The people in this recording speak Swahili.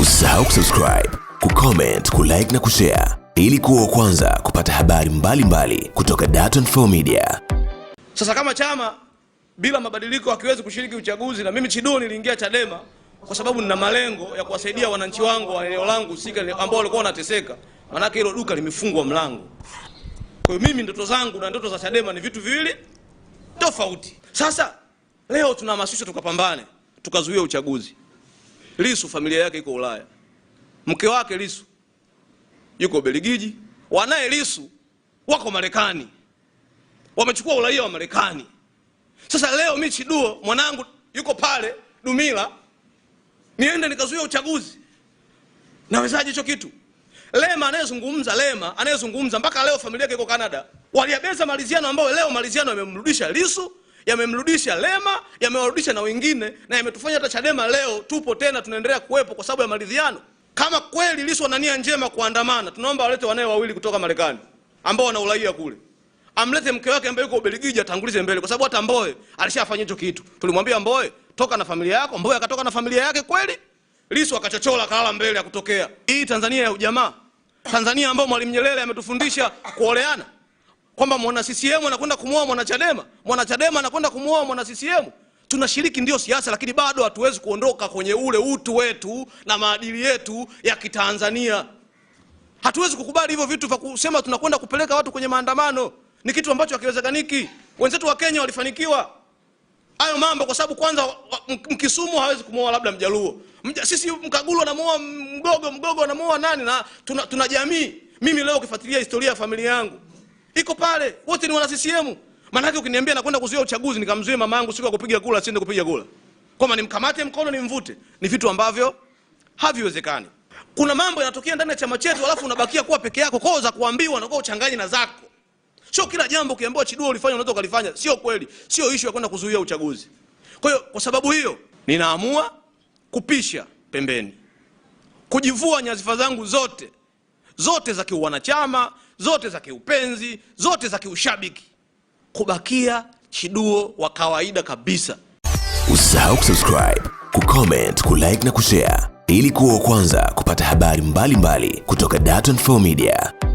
Usisahau kusubscribe, kucomment, kulike na kushare ili kuwa kwanza kupata habari mbalimbali mbali kutoka Dar24 Media. Sasa kama chama bila mabadiliko hakiwezi kushiriki uchaguzi, na mimi Chiduo niliingia Chadema kwa sababu nina malengo ya kuwasaidia wananchi wangu wa eneo langu sika ambao walikuwa wanateseka, maanake hilo duka limefungwa mlango. Kwa hiyo mimi ndoto zangu na ndoto za Chadema ni vitu viwili tofauti. Sasa leo tunahamasisha tukapambane, tukazuia uchaguzi. Lisu familia yake iko Ulaya, mke wake Lisu yuko Beligiji, wanaye Lisu wako Marekani, wamechukua uraia wa Marekani. Sasa leo mi Chiduo mwanangu yuko pale Dumila, niende nikazuia uchaguzi? Nawezaje hicho kitu? Lema anayezungumza Lema anayezungumza mpaka leo familia yake iko Canada, waliabeza maliziano ambayo leo maliziano yamemrudisha Lisu yamemrudisha Lema, yamewarudisha na wengine, na yametufanya hata Chadema leo tupo tena, tunaendelea kuwepo kwa sababu ya maridhiano. Kama kweli Lissu wana nia njema kuandamana, tunaomba walete wanae wawili kutoka Marekani ambao wana uraia kule, amlete mke wake ambaye yuko Ubelgiji, atangulize mbele, kwa sababu hata Mboe alishafanya hicho kitu. Tulimwambia Mboe, toka na familia yako. Mboe akatoka na familia yake kweli, Lissu akachochola, akalala mbele, ya kutokea. Hii Tanzania ya ujamaa, Tanzania ambao Mwalimu Nyerere ametufundisha kuoleana kwamba mwana CCM anakwenda kumuoa mwana Chadema, mwana Chadema anakwenda kumuoa mwana CCM. Tunashiriki ndio siasa, lakini bado hatuwezi kuondoka kwenye ule utu wetu na maadili yetu ya Kitanzania. Hatuwezi kukubali hivyo vitu vya kusema tunakwenda kupeleka watu kwenye maandamano, ni kitu ambacho hakiwezekaniki. Wenzetu wa Kenya walifanikiwa hayo mambo kwa sababu kwanza, Mkisumu hawezi kumuoa labda Mjaluo, Mja, sisi Mkagulu anamuoa Mgogo, Mgogo anamuoa nani, na tuna, tuna jamii. Mimi leo ukifuatilia historia ya familia yangu iko pale, wote ni wana CCM. Maanake ukiniambia nakwenda kuzuia uchaguzi, nikamzuia mama yangu siku ya kupiga kula, siende kupiga kura, kwamba nimkamate mkono nimvute, ni vitu ambavyo haviwezekani. Kuna mambo yanatokea ndani ya chama chetu, alafu unabakia kuwa peke yako, koo za kuambiwa na nakuwa changanyi na zako. Sio kila jambo ukiambiwa Chiduo ulifanya unaweza ukalifanya, sio kweli, sio ishu ya kwenda kuzuia uchaguzi. Kwa hiyo kwa sababu hiyo ninaamua kupisha pembeni, kujivua nyadhifa zangu zote zote za kiwanachama zote za kiupenzi, zote za kiushabiki, kubakia chiduo wa kawaida kabisa. Usisahau kusubscribe, kucomment, kulike na kushare ili kuwa wa kwanza kupata habari mbalimbali mbali kutoka Dar24 Media.